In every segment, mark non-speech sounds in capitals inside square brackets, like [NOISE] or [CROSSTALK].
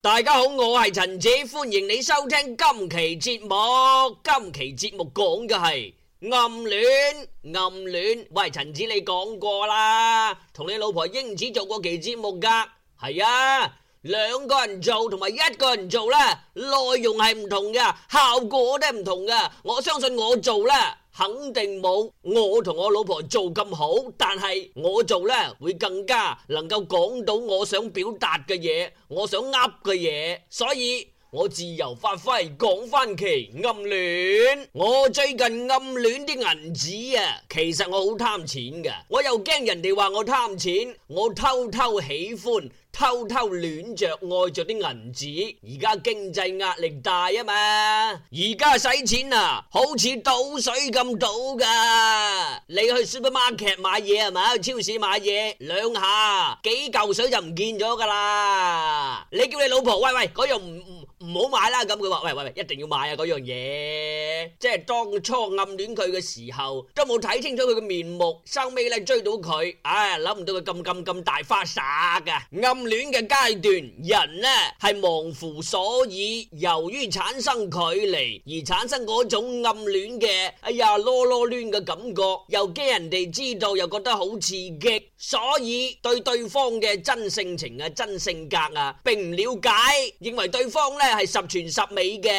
大家好，我係陳子，歡迎你收聽今期節目。今期節目講嘅係暗戀，暗戀。喂，陳子你講過啦，同你老婆英子做過期節目噶，係啊，兩個人做同埋一個人做啦，內容係唔同嘅，效果都係唔同噶。我相信我做啦。肯定冇我同我老婆做咁好，但係我做咧，會更加能夠講到我想表達嘅嘢，我想噏嘅嘢，所以我自由發揮，講翻其暗戀。我最近暗戀啲銀紙啊，其實我好貪錢噶，我又驚人哋話我貪錢，我偷偷喜歡，偷偷戀着愛着啲銀紙，而家經濟壓力大啊嘛，而家使錢啊，好似倒水咁倒㗎。你去 supermarket 買嘢係咪？去超市買嘢兩下幾嚿水就唔見咗㗎啦。你叫你老婆喂喂，嗰樣唔唔。唔好買啦，咁佢話喂喂喂，一定要買啊！嗰樣嘢，即係當初暗戀佢嘅時候，都冇睇清楚佢嘅面目，收尾咧追到佢，唉諗唔到佢咁咁咁大花灑㗎啊。暗戀嘅階段，人呢係忘乎所以，由於產生距離而產生嗰種暗戀嘅，哎呀囉囉攣嘅感覺，又驚人哋知道，又覺得好刺激。所以對對方嘅真性情啊、真性格啊，並唔了解，認為對方呢係十全十美嘅。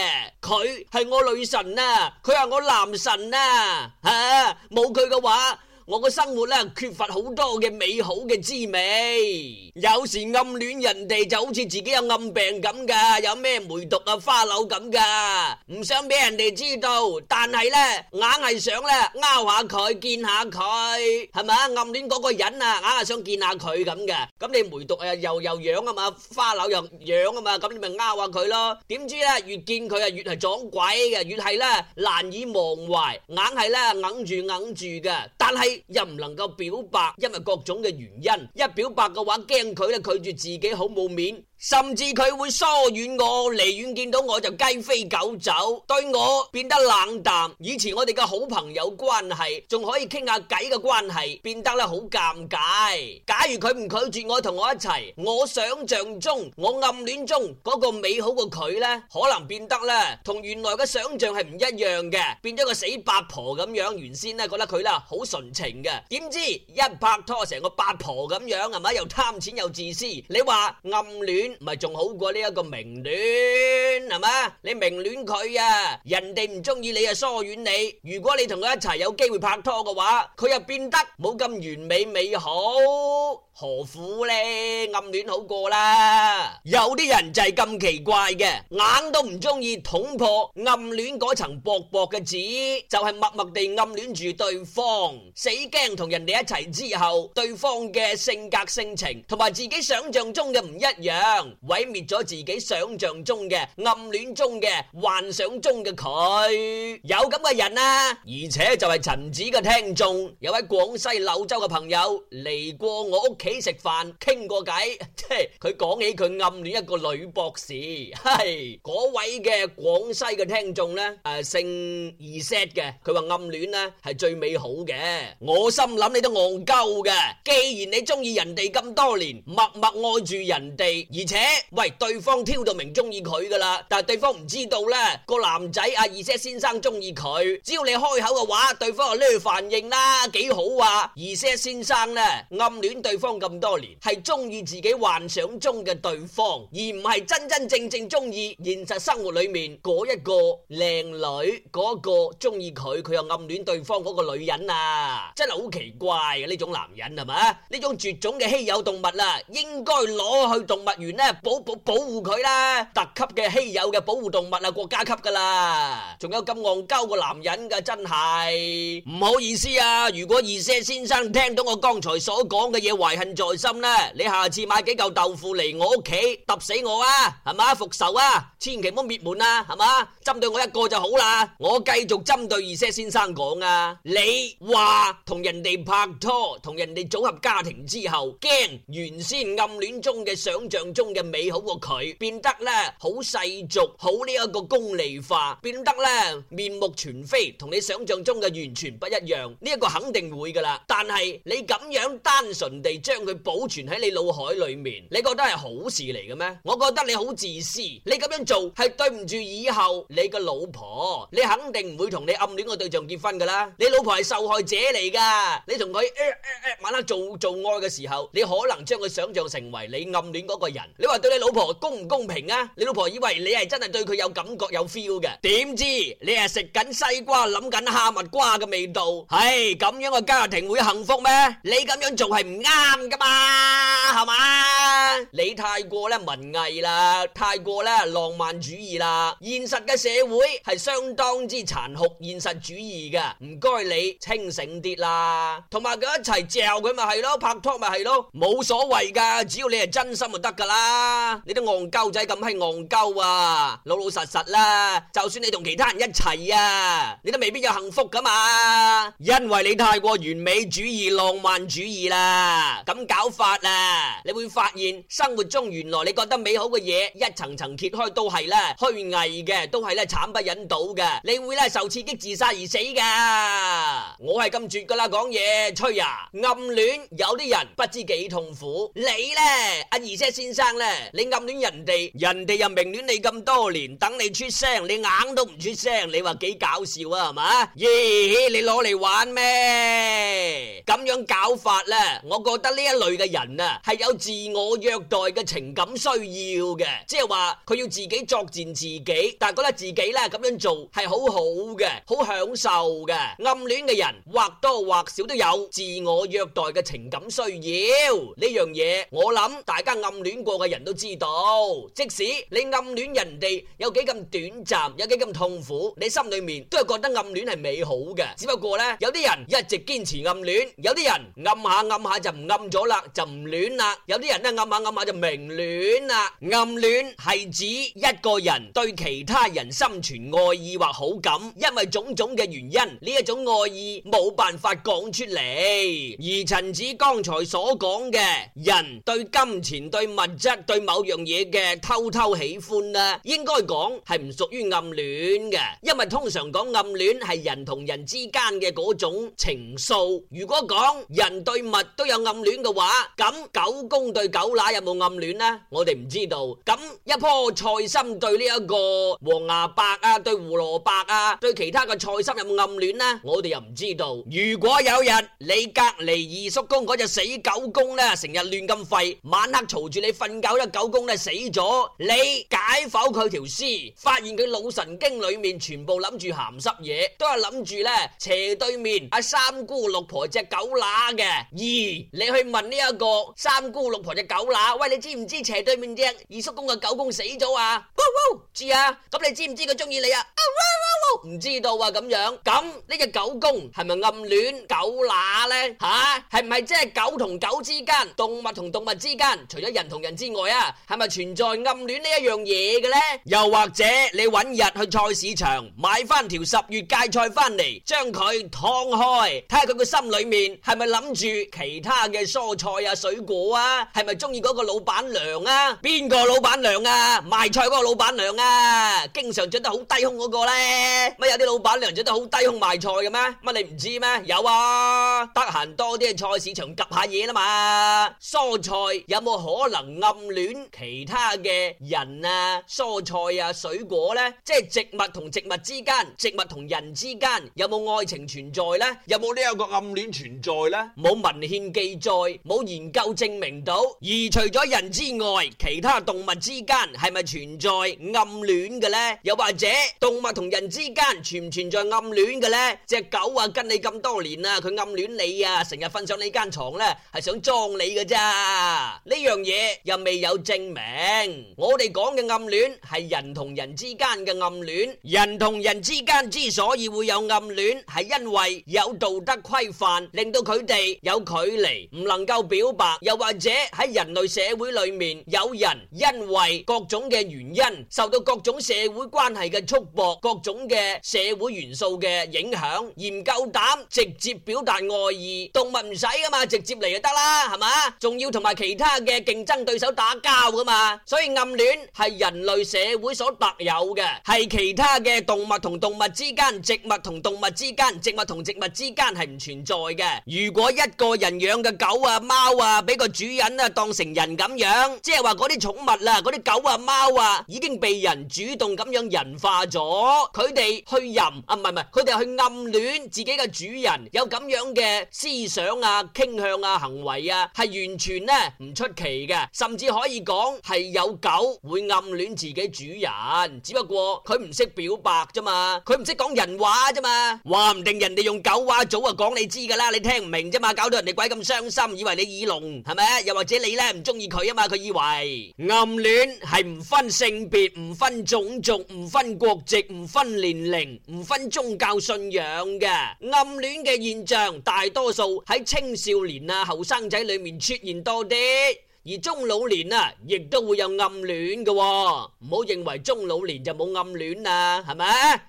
佢係我女神啊，佢係我男神啊，吓冇佢嘅話，我個生活咧，缺乏好多嘅美好嘅滋味，有時暗戀人哋就好似自己有暗病咁噶，有咩梅毒啊、花柳咁噶，唔想俾人哋知道，但係咧，硬係想咧，勾下佢，見下佢，係咪啊？暗戀嗰個人啊，硬係想見下佢咁嘅。咁你梅毒啊，又又癢啊嘛，花柳又癢啊嘛，咁你咪勾下佢咯。點知咧，越見佢啊，越係撞鬼嘅，越係咧，難以忘懷，硬係咧，揞住揞住嘅。但係。又唔能夠表白，因為各種嘅原因。一表白嘅話，驚佢咧拒絕自己很沒，好冇面。甚至佢會疏遠我，離遠見到我就雞飛狗走，對我變得冷淡。以前我哋嘅好朋友關係，仲可以傾下偈嘅關係，變得咧好尷尬。假如佢唔拒絕我同我一齊，我想象中、我暗戀中嗰個美好個佢呢，可能變得呢同原來嘅想象係唔一樣嘅，變咗個死八婆咁樣。原先呢覺得佢啦好純情嘅，點知一拍拖成個八婆咁樣係咪？又貪錢又自私，你話暗戀？唔係仲好過呢一個明戀係嘛？你明戀佢啊，人哋唔中意你啊，疏遠你。如果你同佢一齊有機會拍拖嘅話，佢又變得冇咁完美美好，何苦呢？暗戀好過啦。有啲人就係咁奇怪嘅，硬都唔中意捅破暗戀嗰層薄薄嘅紙，就係默默地暗戀住對方。死驚同人哋一齊之後，對方嘅性格性情同埋自己想象中嘅唔一樣。毀滅咗自己想象中嘅暗戀中嘅幻想中嘅佢，有咁嘅人啊！而且就係陳子嘅聽眾，有位廣西柳州嘅朋友嚟過我屋企食飯，傾過偈。佢講起佢暗戀一個女博士，係嗰位嘅廣西嘅聽眾呢，誒，姓二 set 嘅，佢話暗戀呢係最美好嘅。我心諗你都戇鳩嘅，既然你中意人哋咁多年，默默愛住人哋而。而且喂，對方挑到明中意佢噶啦，但係對方唔知道咧，個男仔阿二 Sir 先生中意佢。只要你開口嘅話，對方又呢反應啦，幾好啊！二 Sir 先生咧暗戀對方咁多年，係中意自己幻想中嘅對方，而唔係真真正正中意現實生活裏面嗰一個靚女嗰個中意佢，佢又暗戀對方嗰個女人啊！真係好奇怪啊，呢種男人係咪啊？呢種絕種嘅稀有動物啦，應該攞去動物園。咧保保保護佢啦，特級嘅稀有嘅保護動物啊，國家級噶啦，仲有咁戇鳩個男人噶，真係唔好意思啊！如果二 Sir 先生聽到我剛才所講嘅嘢，懷恨在心呢，你下次買幾嚿豆腐嚟我屋企，揼死我啊，係嘛，復仇啊，千祈唔好滅門啊，係嘛，針對我一個就好啦，我繼續針對二 Sir 先生講啊，你話同人哋拍拖，同人哋組合家庭之後，驚原先暗戀中嘅想象中。嘅美好個佢變得咧好世俗，好呢一個功利化，變得咧面目全非，同你想象中嘅完全不一樣。呢一個肯定會噶啦，但係你咁樣單純地將佢保存喺你腦海裏面，你覺得係好事嚟嘅咩？我覺得你好自私，你咁樣做係對唔住以後你個老婆，你肯定唔會同你暗戀個對象結婚噶啦。你老婆係受害者嚟噶，你同佢晚黑做做愛嘅時候，你可能將佢想象成為你暗戀嗰個人。你話對你老婆公唔公平啊？你老婆以為你係真係對佢有感覺有 feel 嘅，點知你係食緊西瓜諗緊哈密瓜嘅味道？唉，咁樣嘅家庭會幸福咩？你咁樣做係唔啱噶嘛？係嘛？你太過咧文藝啦，太過咧浪漫主義啦。現實嘅社會係相當之殘酷，現實主義噶，唔該你清醒啲啦。同埋佢一齊嚼佢咪係咯，拍拖咪係咯，冇所謂噶，只要你係真心就得噶啦。啊！你都戇鳩仔咁係戇鳩啊！老老實實啦，就算你同其他人一齊啊，你都未必有幸福噶嘛，因為你太過完美主義、浪漫主義啦。咁搞法啦，你會發現生活中原來你覺得美好嘅嘢一層層揭開都係咧虛偽嘅，都係咧慘不忍睹嘅。你會咧受刺激自殺而死噶。我係咁絕噶啦，講嘢吹啊！暗戀有啲人不知幾痛苦，你呢，阿二姐先生。咧，你暗戀人哋，人哋又明戀你咁多年，等你出聲，你硬都唔出聲，你話幾搞笑啊？係嘛？咦，你攞嚟玩咩？咁樣搞法啦，我覺得呢一類嘅人啊，係有自我虐待嘅情感需要嘅，即係話佢要自己作踐自己，但係覺得自己咧咁樣做係好好嘅，好享受嘅。暗戀嘅人或多或少都有自我虐待嘅情感需要呢樣嘢，我諗大家暗戀過嘅人都知道，即使你暗戀人哋有幾咁短暫，有幾咁痛苦，你心裏面都係覺得暗戀係美好嘅。只不過咧，有啲人一直堅持暗戀，有啲人暗下暗下就唔暗咗啦，就唔戀啦。有啲人咧暗下暗下就明戀啦。暗戀係指一個人對其他人心存愛意或好感，因為種種嘅原因，呢一種愛意冇辦法講出嚟。而陳子剛才所講嘅，人對金錢對物質。一對某樣嘢嘅偷偷喜歡咧，應該講係唔屬於暗戀嘅，因為通常講暗戀係人同人之間嘅嗰種情愫。如果講人對物都有暗戀嘅話，咁狗公對狗乸有冇暗戀呢？我哋唔知道。咁一棵菜心對呢一個黃牙白啊，對胡蘿蔔啊，對其他嘅菜心有冇暗戀呢？我哋又唔知道。如果有日你隔籬二叔公嗰隻死狗公呢，成日亂咁吠，晚黑嘈住你瞓。狗咧狗公咧死咗，你解剖佢條屍，發現佢腦神經裏面全部諗住咸濕嘢，都係諗住咧斜對面阿三姑六婆隻狗乸嘅。二，你去問呢一個三姑六婆隻狗乸，喂，你知唔知斜對面隻二叔公嘅狗公死咗啊？知啊，咁你知唔知佢中意你啊？唔知道啊，咁樣咁呢隻狗公係咪暗戀狗乸咧？吓，係唔係即係狗同狗之間，動物同動物之間，除咗人同人之間？外啊，係咪存在暗戀呢一樣嘢嘅呢？又或者你揾日去菜市場買翻條十月芥菜翻嚟，將佢劏開，睇下佢個心裏面係咪諗住其他嘅蔬菜啊、水果啊，係咪中意嗰個老闆娘啊？邊個老闆娘啊？賣菜嗰個老闆娘啊？經常着得好低胸嗰個呢？乜有啲老闆娘着得好低胸賣菜嘅咩？乜你唔知咩？有啊，得閒多啲去菜市場及下嘢啦嘛。蔬菜有冇可能暗？暗戀其他嘅人啊，蔬菜啊，水果呢，即係植物同植物之間，植物同人之間有冇愛情存在呢？有冇呢一個暗戀存在呢？冇文獻記載，冇研究證明到。而除咗人之外，其他動物之間係咪存在暗戀嘅呢？又或者動物同人之間存唔存在暗戀嘅呢？隻狗啊，跟你咁多年啦，佢暗戀你啊，成日瞓上你間床呢，係想裝你㗎咋？呢樣嘢又未。未有證明，我哋講嘅暗戀係人同人之間嘅暗戀。人同人之間之所以會有暗戀，係因為有道德規範令到佢哋有距離，唔能夠表白。又或者喺人類社會裏面，有人因為各種嘅原因，受到各種社會關係嘅束縛、各種嘅社會元素嘅影響，而唔夠膽直接表達愛意。動物唔使噶嘛，直接嚟就得啦，係嘛？仲要同埋其他嘅競爭對手。打交噶嘛，所以暗戀係人類社會所特有嘅，係其他嘅動物同動物之間、植物同動物之間、植物同植物之間係唔存在嘅。如果一個人養嘅狗啊、貓啊，俾個主人啊當成人咁樣，即係話嗰啲寵物啊、嗰啲狗啊、貓啊，已經被人主動咁樣人化咗，佢哋去任啊，唔係唔係，佢哋去暗戀自己嘅主人，有咁樣嘅思想啊、傾向啊、行為啊，係完全咧唔出奇嘅，甚。只可以講係有狗會暗戀自己主人，只不過佢唔識表白啫嘛，佢唔識講人話啫嘛，話唔定人哋用狗話早就講你知噶啦，你聽唔明啫嘛，搞到人哋鬼咁傷心，以為你耳聾係咪？又或者你呢唔中意佢啊嘛，佢以為暗戀係唔分性別、唔分種族、唔分國籍、唔分年齡、唔分宗教信仰嘅。暗戀嘅現象，大多數喺青少年啊後生仔裏面出現多啲。而中老年啊，亦都會有暗戀㗎喎，唔好認為中老年就冇暗戀啊，係咪？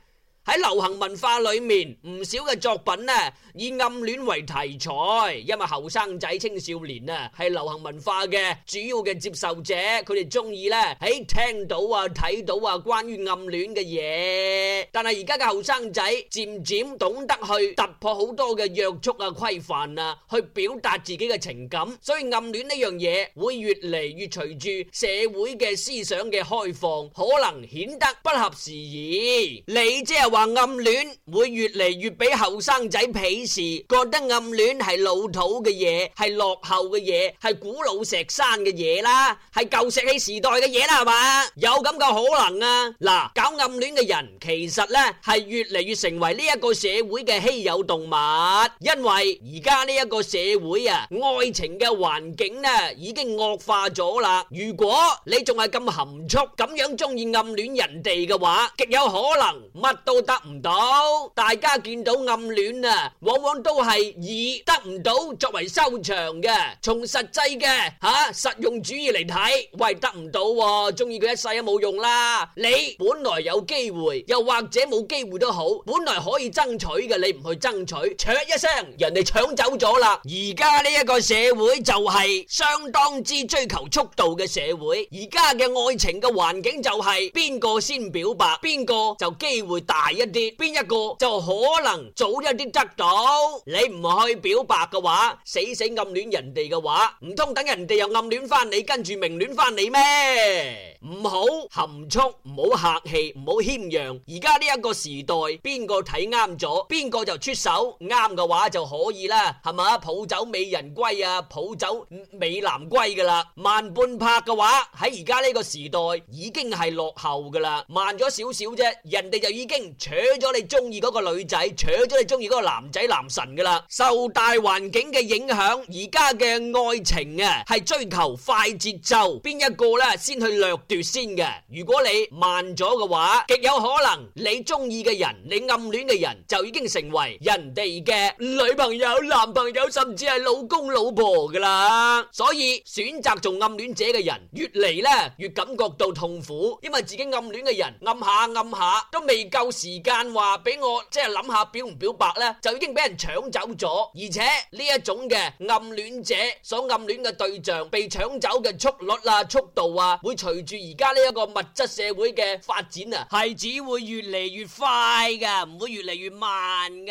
喺流行文化裏面唔少嘅作品咧，以暗戀為題材，因為後生仔青少年啊係流行文化嘅主要嘅接受者，佢哋中意咧，喺聽到啊、睇到啊關於暗戀嘅嘢。但係而家嘅後生仔漸漸懂得去突破好多嘅約束啊、規範啊，去表達自己嘅情感，所以暗戀呢樣嘢會越嚟越隨住社會嘅思想嘅開放，可能顯得不合時宜。你即係話。話暗戀會越嚟越俾後生仔鄙視，覺得暗戀係老土嘅嘢，係落後嘅嘢，係古老石山嘅嘢啦，係舊石器時代嘅嘢啦，係嘛？有咁嘅可能啊！嗱，搞暗戀嘅人其實呢係越嚟越成為呢一個社會嘅稀有動物，因為而家呢一個社會啊，愛情嘅環境呢已經惡化咗啦。如果你仲係咁含蓄咁樣中意暗戀人哋嘅話，極有可能乜都。都得唔到，大家見到暗戀啊，往往都係以得唔到作為收場嘅。從實際嘅吓實用主義嚟睇，喂，得唔到，中意佢一世都冇用啦。你本來有機會，又或者冇機會都好，本來可以爭取嘅，你唔去爭取，cho 一聲，人哋搶走咗啦。而家呢一個社會就係相當之追求速度嘅社會，而家嘅愛情嘅環境就係邊個先表白，邊個就機會大。一啲邊一個就可能早一啲得到，你唔去表白嘅話，死死暗戀人哋嘅話，唔通等人哋又暗戀翻你，跟住明戀翻你咩？唔好含蓄，唔好客氣，唔好謙讓。而家呢一個時代，邊個睇啱咗，邊個就出手啱嘅話就可以啦，係咪？抱走美人歸啊，抱走美男歸噶啦。慢半拍嘅話，喺而家呢個時代已經係落後噶啦，慢咗少少啫，人哋就已經。搶咗你中意嗰個女仔，搶咗你中意嗰個男仔男神噶啦！受大環境嘅影響，而家嘅愛情啊，係追求快節奏，邊一個咧先去掠奪先嘅？如果你慢咗嘅話，極有可能你中意嘅人，你暗戀嘅人，就已經成為人哋嘅女朋友、男朋友，甚至係老公老婆噶啦。所以選擇做暗戀者嘅人，越嚟咧越感覺到痛苦，因為自己暗戀嘅人，暗下暗下，暗下都未夠時。時間話俾我，即係諗下表唔表白呢，就已經俾人搶走咗。而且呢一種嘅暗戀者所暗戀嘅對象被搶走嘅速率啊、速度啊，會隨住而家呢一個物質社會嘅發展啊，係只會越嚟越快噶，唔會越嚟越慢噶。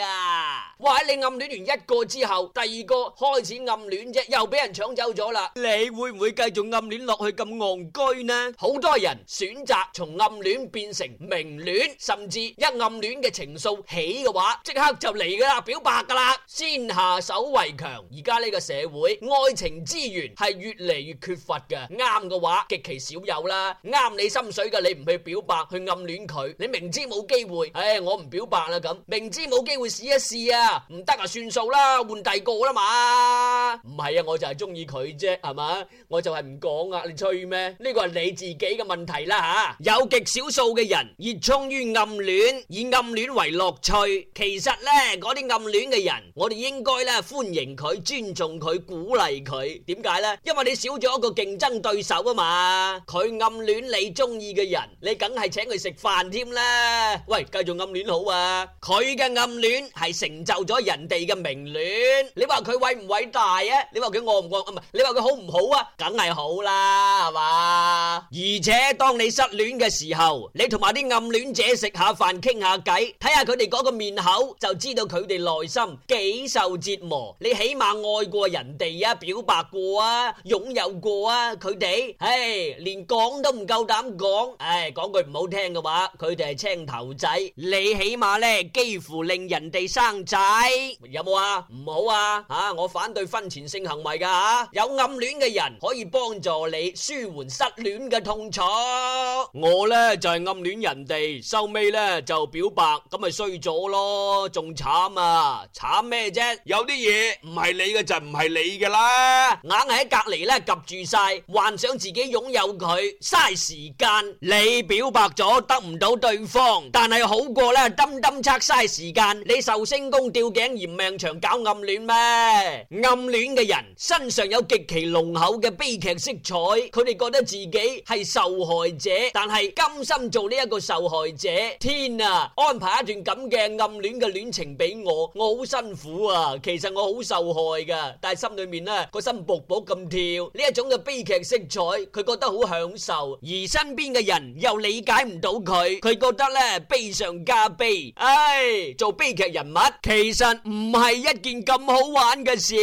哇！你暗戀完一個之後，第二個開始暗戀啫，又俾人搶走咗啦。你會唔會繼續暗戀落去咁戇居呢？好多人選擇從暗戀變成明戀，甚至一。暗戀嘅情愫，起嘅話即刻就嚟噶啦，表白噶啦，先下手為強。而家呢個社會愛情資源係越嚟越缺乏嘅，啱嘅話極其少有啦。啱你心水嘅你唔去表白去暗戀佢，你明知冇機會，唉，我唔表白啦咁，明知冇機會試一試啊，唔得啊，算數啦，換第二個啦嘛。唔係啊，我就係中意佢啫，係嘛，我就係唔講啊，你吹咩？呢個係你自己嘅問題啦吓。有極少數嘅人熱衷於暗戀。以暗戀為樂趣，其實呢嗰啲暗戀嘅人，我哋應該咧歡迎佢、尊重佢、鼓勵佢。點解呢？因為你少咗一個競爭對手啊嘛。佢暗戀你中意嘅人，你梗係請佢食飯添啦。喂，繼續暗戀好啊。佢嘅暗戀係成就咗人哋嘅明戀。你話佢偉唔偉大啊？你話佢惡唔惡？唔係，你話佢好唔好啊？梗係好啦，係嘛？而且當你失戀嘅時候，你同埋啲暗戀者食下飯。傾下偈，睇下佢哋嗰個面口，就知道佢哋內心幾受折磨。你起碼愛過人哋啊，表白過啊，擁有過啊，佢哋唉連講都唔夠膽講。唉，講句唔好聽嘅話，佢哋係青頭仔。你起碼呢，幾乎令人哋生仔，有冇啊？唔好啊！吓，我反對婚前性行為噶。有暗戀嘅人可以幫助你舒緩失戀嘅痛楚。我呢就係暗戀人哋，收尾呢就。就表白咁咪衰咗咯，仲慘啊！慘咩啫？有啲嘢唔係你嘅就唔係你噶啦，硬係喺隔籬咧夾住晒，幻想自己擁有佢，嘥時間。你表白咗得唔到對方，但係好過咧，斟斟拆嘥時間。你壽星公吊頸嫌命長，搞暗戀咩？暗戀嘅人身上有極其濃厚嘅悲劇色彩，佢哋覺得自己係受害者，但係甘心做呢一個受害者天？安排一段咁嘅暗戀嘅戀情俾我，我好辛苦啊！其實我好受害噶，但係心裏面呢個心薄薄咁跳，呢一種嘅悲劇色彩，佢覺得好享受，而身邊嘅人又理解唔到佢，佢覺得呢悲上加悲，唉，做悲劇人物其實唔係一件咁好玩嘅事。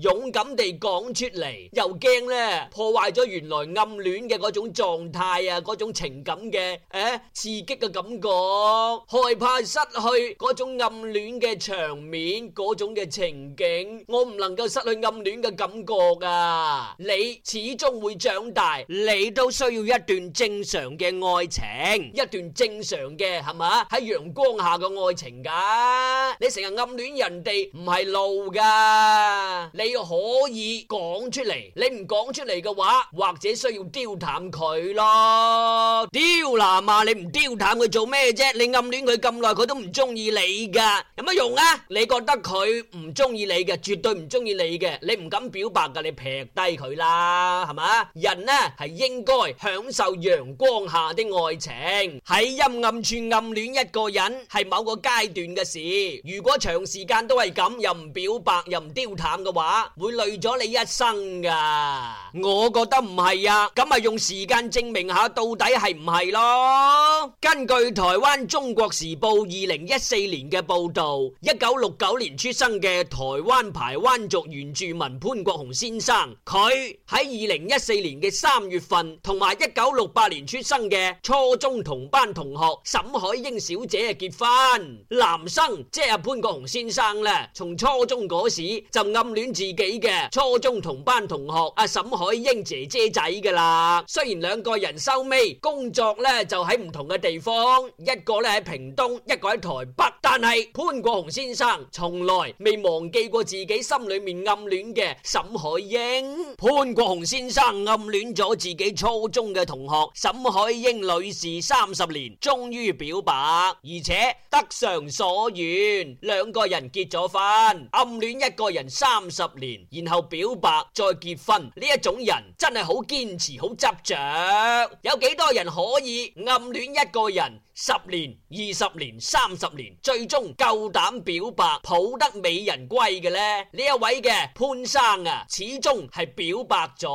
勇敢地講出嚟又驚呢破壞咗原來暗戀嘅嗰種狀態啊，嗰種情感嘅誒刺激嘅感覺。我害怕失去嗰種暗戀嘅場面，嗰種嘅情景，我唔能夠失去暗戀嘅感覺噶。你始終會長大，你都需要一段正常嘅愛情，一段正常嘅係咪啊？喺陽光下嘅愛情噶，你成日暗戀人哋唔係路噶，你可以講出嚟，你唔講出嚟嘅話，或者需要丟淡佢咯。丟淡啊，你唔丟淡佢做咩啫？你暗戀佢咁耐，佢都唔中意你噶，有乜用啊？你覺得佢唔中意你嘅，絕對唔中意你嘅，你唔敢表白噶，你劈低佢啦，係咪啊？人呢係應該享受陽光下的愛情，喺陰暗處暗戀一個人係某個階段嘅事。如果長時間都係咁，又唔表白又唔丟淡嘅話，會累咗你一生噶。我覺得唔係啊，咁咪用時間證明下到底係唔係咯？根據台灣。《中國時報》二零一四年嘅報道，一九六九年出生嘅台灣排灣族原住民潘國雄先生，佢喺二零一四年嘅三月份，同埋一九六八年出生嘅初中同班同學沈海英小姐啊結婚。男生即係潘國雄先生啦，從初中嗰時就暗戀自己嘅初中同班同學阿沈海英姐姐仔噶啦。雖然兩個人收尾工作咧就喺唔同嘅地方一。一個咧喺屏東，一個喺台北，但係潘國雄先生從來未忘記過自己心裏面暗戀嘅沈海英。潘國雄先生暗戀咗自己初中嘅同學沈海英女士三十年，終於表白，而且得償所願，兩個人結咗婚。暗戀一個人三十年，然後表白再結婚，呢一種人真係好堅持，好執着。有幾多人可以暗戀一個人十年？二十年、三十年，最終夠膽表白抱得美人歸嘅呢？呢一位嘅潘生啊，始終係表白咗。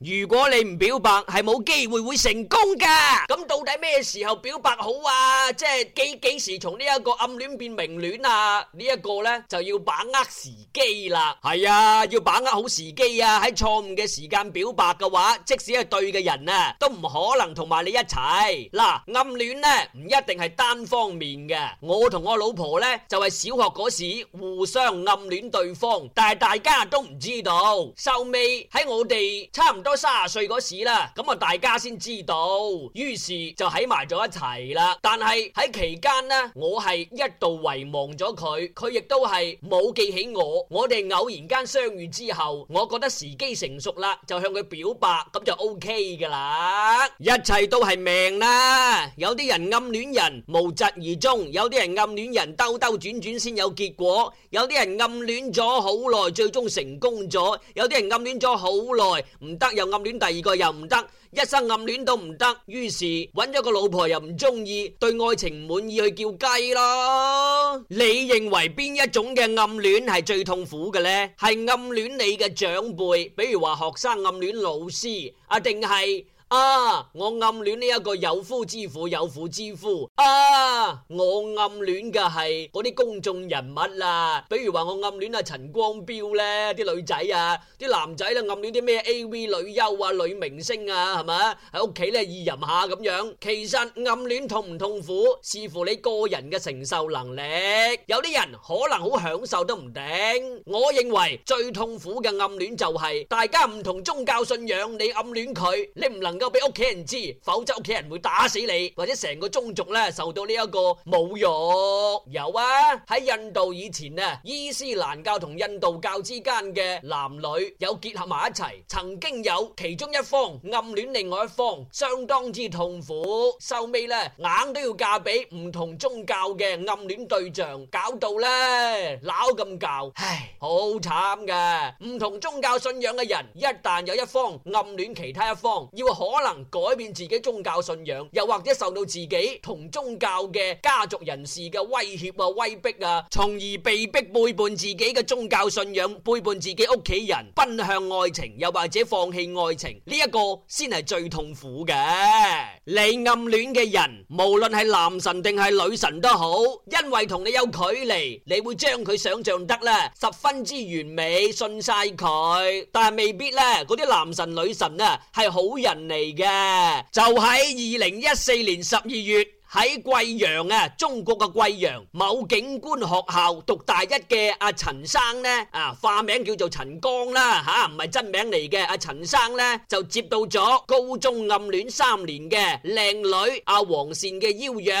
如果你唔表白，係冇機會會成功噶。咁到底咩時候表白好啊？即係幾幾時從呢一個暗戀變明戀啊？呢一個呢就要把握時機啦。係啊，要把握好時機啊！喺錯誤嘅時間表白嘅話，即使係對嘅人啊，都唔可能同埋你一齊。嗱，暗戀呢唔一定。係單方面嘅，我同我老婆呢就係小學嗰時互相暗戀對方，但係大家都唔知道。收尾喺我哋差唔多三十歲嗰時啦，咁啊大家先知道，於是就喺埋咗一齊啦。但係喺期間呢，我係一度遺忘咗佢，佢亦都係冇記起我。我哋偶然間相遇之後，我覺得時機成熟啦，就向佢表白，咁就 OK 噶啦。一切都係命啦，有啲人暗戀人。無疾而終，有啲人暗戀人兜兜轉轉先有結果，有啲人暗戀咗好耐最終成功咗，有啲人暗戀咗好耐唔得又暗戀第二個又唔得，一生暗戀都唔得，於是揾咗個老婆又唔中意，對愛情唔滿意去叫雞咯。你認為邊一種嘅暗戀係最痛苦嘅呢？係暗戀你嘅長輩，比如話學生暗戀老師啊，定係？啊！我暗戀呢一個有夫之婦，有婦之夫。啊！我暗戀嘅係嗰啲公眾人物啦、啊，比如話我暗戀阿陳光標咧，啲女仔啊，啲男仔咧、啊、暗戀啲咩 A.V. 女優啊、女明星啊，係咪喺屋企咧，意淫下咁樣。其實暗戀痛唔痛苦，視乎你個人嘅承受能力。有啲人可能好享受都唔定。我認為最痛苦嘅暗戀就係大家唔同宗教信仰，你暗戀佢，你唔能夠。有俾屋企人知，否則屋企人會打死你，或者成個宗族咧受到呢一個侮辱。有啊，喺印度以前啊，伊斯蘭教同印度教之間嘅男女有結合埋一齊，曾經有其中一方暗戀另外一方，相當之痛苦。收尾咧，硬都要嫁俾唔同宗教嘅暗戀對象，搞到咧鬧咁搞，唉，好慘噶！唔同宗教信仰嘅人，一旦有一方暗戀其他一方，要。可能改變自己宗教信仰，又或者受到自己同宗教嘅家族人士嘅威脅啊、威逼啊，從而被逼背叛自己嘅宗教信仰，背叛自己屋企人，奔向愛情，又或者放棄愛情，呢一個先係最痛苦嘅。你暗戀嘅人，無論係男神定係女神都好，因為同你有距離，你會將佢想象得咧十分之完美，信晒佢，但係未必咧，嗰啲男神女神啊係好人。嚟嘅就喺二零一四年十二月。喺貴陽啊，中國嘅貴陽，某警官學校讀大一嘅阿、啊、陳生咧，啊化名叫做陳剛啦吓，啊、唔係真名嚟嘅。阿、啊、陳生咧就接到咗高中暗戀三年嘅靚女啊、阿黃善嘅邀約，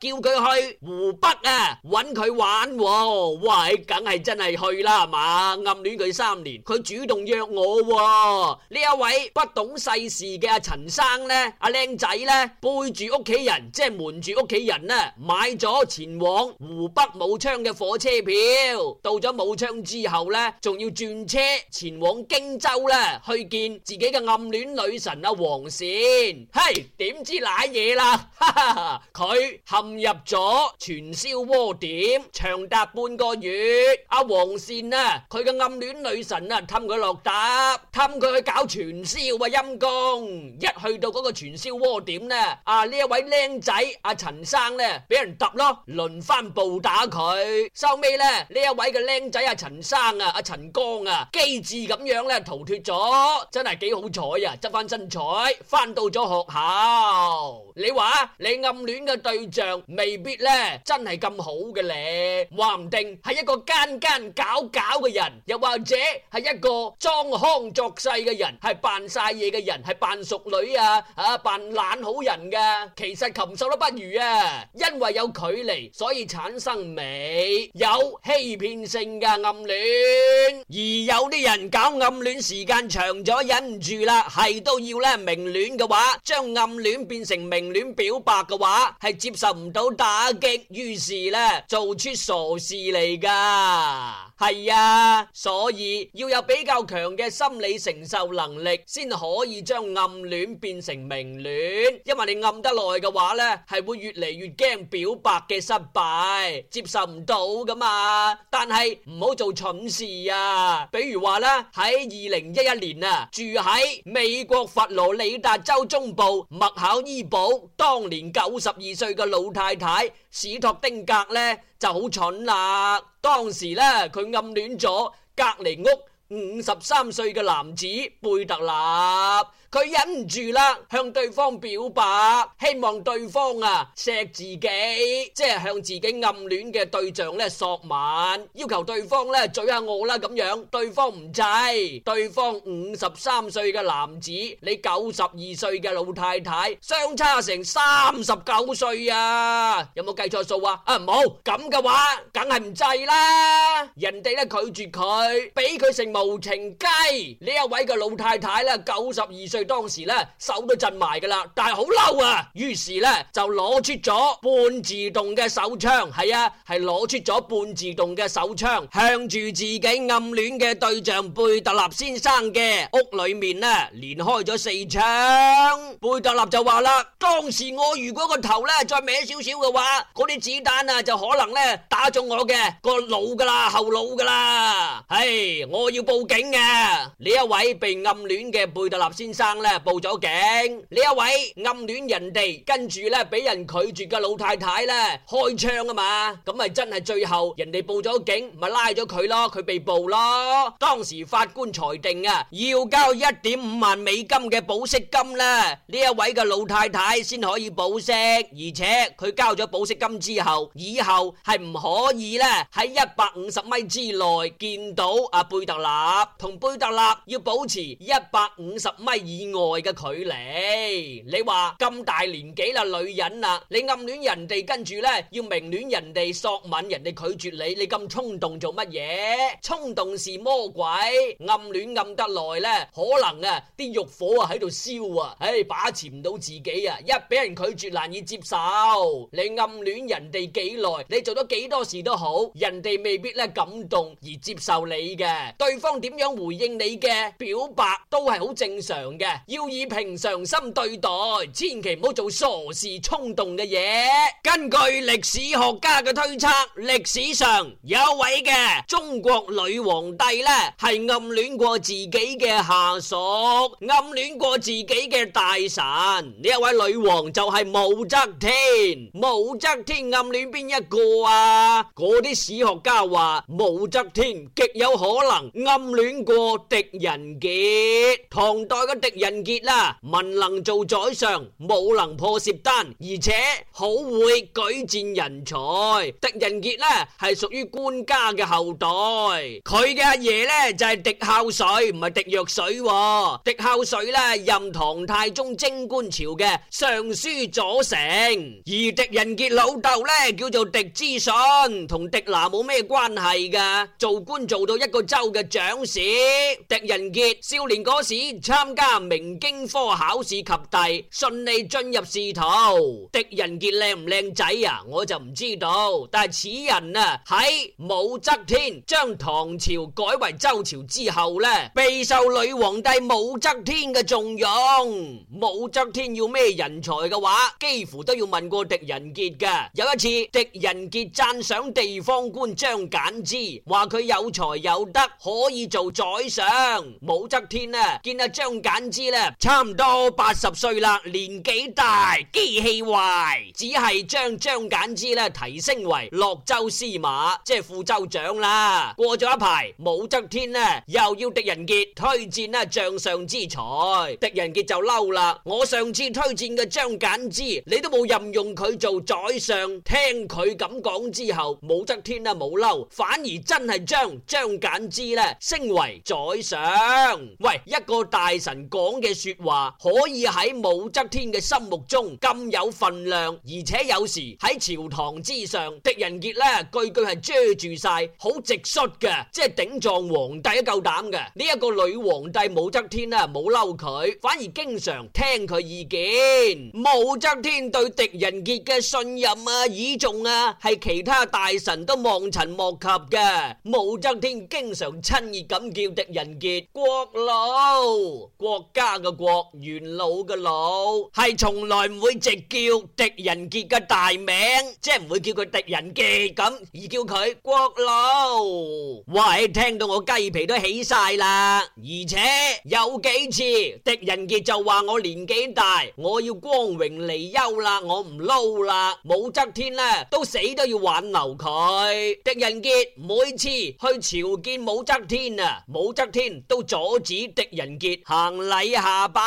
叫佢去湖北啊揾佢玩、哦。喂，梗係真係去啦，係嘛？暗戀佢三年，佢主動約我、哦。呢一位不懂世事嘅阿、啊、陳生咧，阿、啊、靚仔咧背住屋企人即係瞞。住屋企人啦，買咗前往湖北武昌嘅火車票。到咗武昌之後呢，仲要轉車前往荊州呢，去見自己嘅暗戀女神阿、啊、黃善。嘿，點知瀨嘢啦，佢陷入咗傳銷窩點，長達半個月。阿、啊、黃善啊，佢嘅暗戀女神啊，氹佢落搭，氹佢去搞傳銷啊陰功。一去到嗰個傳銷窩點呢，啊呢一位靚仔，阿陳、啊、生咧，俾人揼咯，輪番暴打佢。收尾咧，呢一位嘅僆仔阿陳生啊，阿、啊、陳光啊，機智咁樣咧逃脱咗，真係幾好彩啊！執翻身彩，翻到咗學校。你話你暗戀嘅對象未必咧真係咁好嘅咧，話唔定係一個奸奸搞搞嘅人，又或者係一個裝腔作勢嘅人，係扮晒嘢嘅人，係扮熟女啊，啊扮懶好人嘅，其實禽獸都不。如啊，因為有距離，所以產生美，有欺騙性嘅暗戀，而有啲人搞暗戀時間長咗，忍唔住啦，係都要咧明戀嘅話，將暗戀變成明戀表白嘅話，係接受唔到打擊，於是咧做出傻事嚟噶。係啊，所以要有比較強嘅心理承受能力，先可以將暗戀變成明戀。因為你暗得耐嘅話呢，係會越嚟越驚表白嘅失敗，接受唔到噶嘛。但係唔好做蠢事啊！比如話呢，喺二零一一年啊，住喺美國佛羅里達州中部麥考伊堡，當年九十二歲嘅老太太史托丁格呢。就好蠢啦！當時呢，佢暗戀咗隔離屋五十三歲嘅男子貝特納。佢忍唔住啦，向對方表白，希望對方啊錫自己，即係向自己暗戀嘅對象咧索吻，要求對方咧咀下我啦咁樣，對方唔制，對方五十三歲嘅男子，你九十二歲嘅老太太，相差成三十九歲啊，有冇計錯數啊？啊唔好咁嘅話梗係唔制啦，人哋咧拒絕佢，俾佢食無情雞，呢一位嘅老太太咧九十二歲。當時咧手都震埋噶啦，但係好嬲啊！於是咧就攞出咗半自動嘅手槍，係啊，係攞出咗半自動嘅手槍，向住自己暗戀嘅對象貝特納先生嘅屋裏面咧連開咗四槍。貝特納就話啦，當時我如果個頭咧再歪少少嘅話，啲子彈啊就可能咧打中我嘅個腦噶啦，後腦噶啦。唉、hey，我要報警嘅啊，呢一位被暗戀嘅貝特納先生。咧報咗警，呢一位暗戀人哋，跟住咧俾人拒絕嘅老太太咧開槍啊嘛，咁咪真係最後人哋報咗警，咪拉咗佢咯，佢被捕咯。當時法官裁定啊，要交一點五萬美金嘅保釋金啦，呢一位嘅老太太先可以保釋，而且佢交咗保釋金之後，以後係唔可以咧喺一百五十米之內見到阿貝特納同貝特納，要保持一百五十米以。愛嘅距離，你話咁大年紀啦，女人啊，你暗戀人哋，跟住咧要明戀人哋索吻，人哋拒絕你，你咁衝動做乜嘢？衝動是魔鬼，暗戀暗得耐咧，可能啊啲欲火啊喺度燒啊，唉把持唔到自己啊，一俾人拒絕難以接受。你暗戀人哋幾耐，你做咗幾多事都好，人哋未必咧感動而接受你嘅，對方點樣回應你嘅表白都係好正常嘅。要以平常心對待，千祈唔好做傻事衝動嘅嘢。根據歷史學家嘅推測，歷史上有位嘅中國女皇帝呢，係暗戀過自己嘅下屬，暗戀過自己嘅大臣。呢一位女皇就係武則天。武則天暗戀邊一個啊？嗰啲史學家話，武則天極有可能暗戀過狄仁傑。唐代嘅狄。狄仁傑啦，文能做宰相，武能破薛丹，而且好會舉薦人才。狄仁傑呢，係屬於官家嘅後代，佢嘅阿爺呢，就係狄孝水，唔係狄若水。狄孝水呢，任唐太宗貞觀朝嘅尚書左丞，而狄仁傑老豆呢，叫做狄之信，同狄娜冇咩關係㗎，做官做到一個州嘅長史。狄仁傑少年嗰時參加。明經科考試及第，順利進入仕途。狄仁傑靚唔靚仔啊？我就唔知道。但係此人啊，喺武則天將唐朝改為周朝之後呢，備受女皇帝武則天嘅重用。武則天要咩人才嘅話，幾乎都要問過狄仁傑㗎。有一次，狄仁傑讚賞地方官張柬之，話佢有才有德，可以做宰相。武則天啊，見阿張柬知啦，差唔多八十歲啦，年紀大，機器壞，只係將張柬之咧提升為洛州司馬，即係副州長啦。過咗一排，武則天咧又要狄仁傑推薦呢將相之才，狄仁傑就嬲啦。我上次推薦嘅張柬之，你都冇任用佢做宰相。聽佢咁講之後，武則天咧冇嬲，反而真係將張柬之咧升為宰相。喂，一個大臣個。講嘅說話可以喺武則天嘅心目中咁有份量，而且有時喺朝堂之上，狄仁傑呢句句係遮住晒，好直率嘅，即係頂撞皇帝都夠膽嘅。呢一個女皇帝武則天咧冇嬲佢，反而經常聽佢意見。武則天對狄仁傑嘅信任啊、倚重啊，係其他大臣都望塵莫及嘅。武則天經常親熱咁叫狄仁傑國老國家嘅國元老嘅老係從來唔會直叫狄仁傑嘅大名，即係唔會叫佢狄仁傑咁，而叫佢國老。喂，聽到我雞皮都起晒啦！而且有幾次狄仁傑就話我年紀大，我要光榮離休啦，我唔撈啦。武則天咧都死都要挽留佢。狄仁傑每次去朝見武則天啊，武則天都阻止狄仁傑行禮。你下拜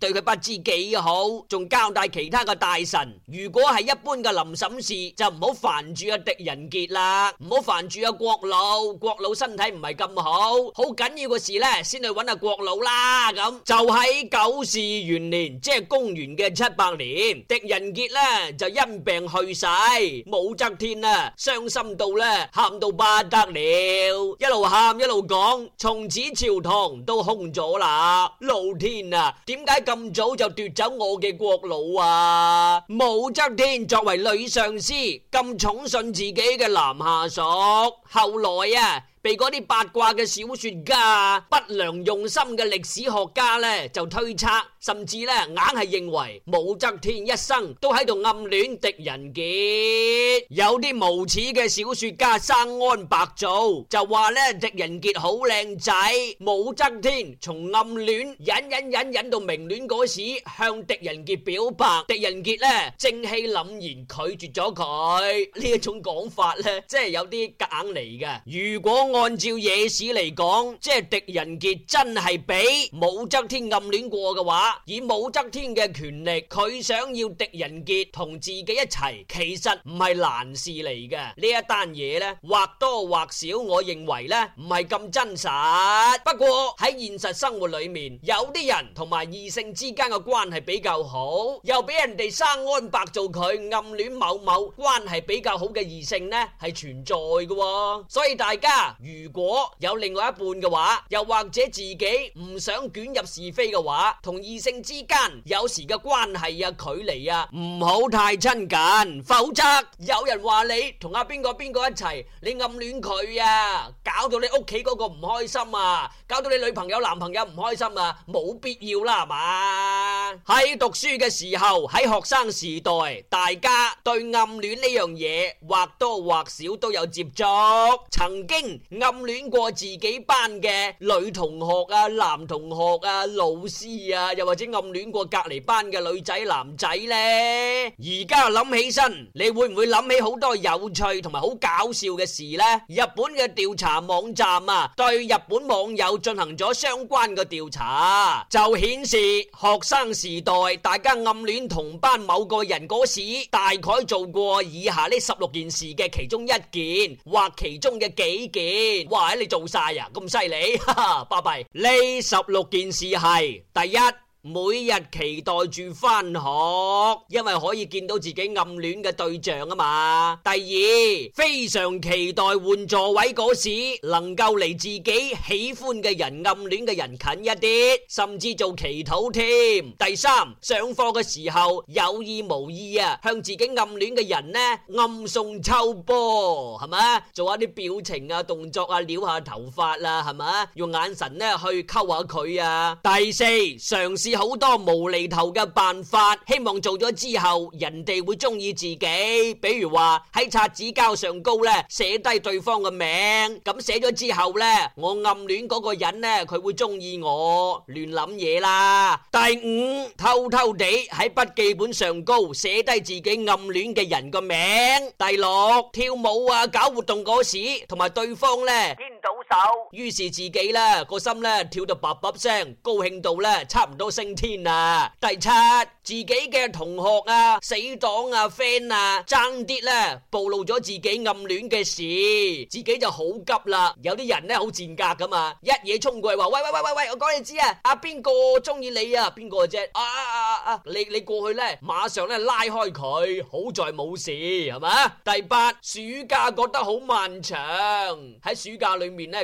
對佢不知幾好，仲交代其他嘅大臣，如果係一般嘅林沈氏，就唔好煩住阿狄仁傑啦，唔好煩住阿國老，國老身體唔係咁好，好緊要嘅事咧，先去搵阿國老啦。咁就喺久視元年，即係公元嘅七百年，狄仁傑咧就因病去世，武則天啊傷心到咧，喊到不得了，一路喊一路講，從此朝堂都空咗啦，老。天啊，點解咁早就奪走我嘅國老啊？武則天作為女上司，咁寵信自己嘅男下屬，後來啊。被嗰啲八卦嘅小說家啊，不良用心嘅歷史學家咧就推測，甚至咧硬係認為武則天一生都喺度暗戀狄仁傑。有啲無恥嘅小說家生安白造就話咧狄仁傑好靚仔，武則天從暗戀忍忍忍忍到明戀嗰時，向狄仁傑表白，狄仁傑咧正氣凜然拒絕咗佢。呢一種講法咧，即係有啲夾硬嚟嘅。如果，按照野史嚟講，即係狄仁傑真係俾武則天暗戀過嘅話，以武則天嘅權力，佢想要狄仁傑同自己一齊，其實唔係難事嚟嘅。呢一單嘢呢，或多或少，我認為呢唔係咁真實。不過喺現實生活裏面，有啲人同埋異性之間嘅關係比較好，又俾人哋生安白做佢暗戀某某關係比較好嘅異性呢，係存在嘅。所以大家。如果有另外一半嘅話，又或者自己唔想捲入是非嘅話，同異性之間有時嘅關係啊、距離啊，唔好太親近，否則有人話你同阿邊個邊個一齊，你暗戀佢啊，搞到你屋企嗰個唔開心啊，搞到你女朋友、男朋友唔開心啊，冇必要啦，係嘛？喺讀書嘅時候，喺學生時代，大家對暗戀呢樣嘢或多或少都有接觸，曾經。暗戀過自己班嘅女同學啊、男同學啊、老師啊，又或者暗戀過隔籬班嘅女仔、男仔呢？而家諗起身，你會唔會諗起好多有趣同埋好搞笑嘅事呢？日本嘅調查網站啊，對日本網友進行咗相關嘅調查，就顯示學生時代大家暗戀同班某個人嗰時，大概做過以下呢十六件事嘅其中一件或其中嘅幾件。哇！你做晒啊，咁犀利，哈哈，巴閉！呢十六件事係第一。每日期待住翻學，因為可以見到自己暗戀嘅對象啊嘛。第二，非常期待換座位嗰時，能夠離自己喜歡嘅人、暗戀嘅人近一啲，甚至做祈禱添。第三，上課嘅時候有意無意啊，向自己暗戀嘅人呢暗送秋波，係咪啊？做下啲表情啊、動作啊、撩下頭髮啦、啊，係咪啊？用眼神呢去溝下佢啊。第四，嘗試。好多無厘頭嘅辦法，希望做咗之後人哋會中意自己，比如話喺擦紙膠上高呢寫低對方嘅名，咁寫咗之後呢，我暗戀嗰個人呢，佢會中意我，亂諗嘢啦。第五，偷偷地喺筆記本上高寫低自己暗戀嘅人個名。第六，跳舞啊搞活動嗰時同埋對方呢。於是自己呢個心咧跳到叭叭聲，高興到咧差唔多升天啦。第七，自己嘅同學啊、死黨啊、friend 啊，爭啲咧暴露咗自己暗戀嘅事，自己就好急啦。有啲人咧好賤格噶嘛，一嘢衝過去話：喂喂喂喂喂，我講你知啊，啊邊個中意你啊？邊個啫？啊啊啊啊！你你過去咧，馬上咧拉開佢。好在冇事，係嘛？第八，暑假覺得好漫長，喺暑假裏面咧。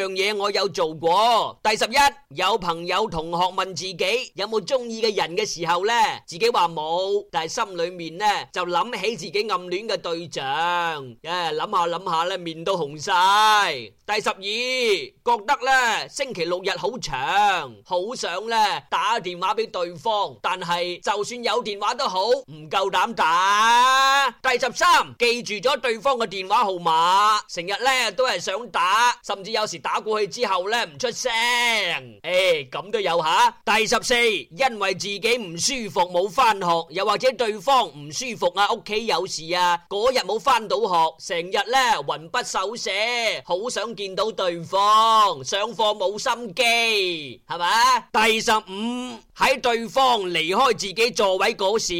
樣嘢，我有做過。第十一，有朋友同學問自己有冇中意嘅人嘅時候咧，自己話冇，但係心裏面咧就諗起自己暗戀嘅對象，誒諗下諗下咧，面都紅晒。第十二，覺得咧星期六日好長，好想咧打電話俾對方，但係就算有電話都好，唔夠膽打。第十三，記住咗對方嘅電話號碼，成日咧都係想打，甚至有時打過去之後咧唔出聲。誒，咁都有吓。第十四，因為自己唔舒服冇返學，又或者對方唔舒服啊，屋企有事啊，嗰日冇返到學，成日咧魂不守舍，好想見到對方，上課冇心機，係咪？第十五，喺對方離開自己座位嗰時，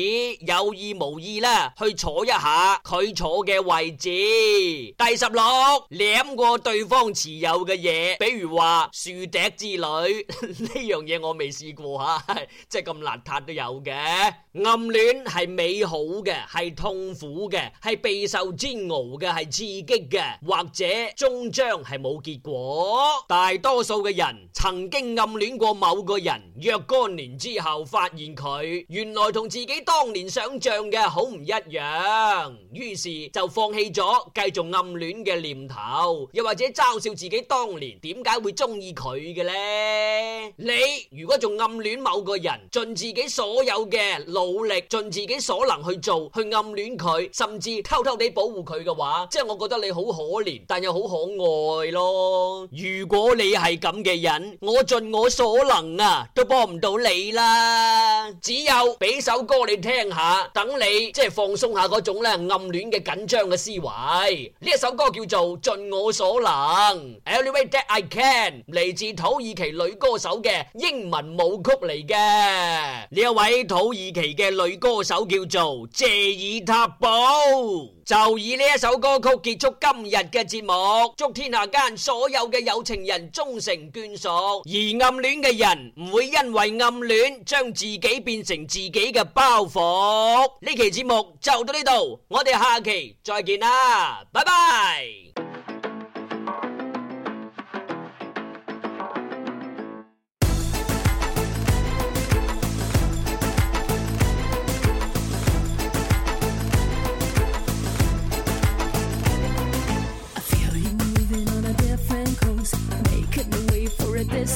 有意無意咧，去坐一下佢，啊，坐嘅位置。第十六，舔過對方持有嘅嘢，比如話樹笛之類，呢 [LAUGHS] 樣嘢我未試過吓，即係咁邋遢都有嘅。暗戀係美好嘅，係痛苦嘅，係備受煎熬嘅，係刺激嘅，或者終將係冇結果。大多數嘅人曾經暗戀過某個人，若干年之後發現佢原來同自己當年想象嘅好唔一樣。於是就放棄咗繼續暗戀嘅念頭，又或者嘲笑自己當年點解會中意佢嘅呢？你如果仲暗戀某個人，盡自己所有嘅努力，盡自己所能去做，去暗戀佢，甚至偷偷地保護佢嘅話，即係我覺得你好可憐，但又好可愛咯。如果你係咁嘅人，我盡我所能啊，都幫唔到你啦。只有俾首歌你聽下，等你即係放鬆下嗰種。暗戀嘅緊張嘅思維。呢一首歌叫做盡我所能 Every way that I can，嚟自土耳其女歌手嘅英文舞曲嚟嘅。呢一位土耳其嘅女歌手叫做謝爾塔布。就以呢一首歌曲結束今日嘅節目，祝天下間所有嘅有情人終成眷屬，而暗戀嘅人唔會因為暗戀將自己變成自己嘅包袱。呢期節目就到呢度，我哋下期再見啦，拜拜。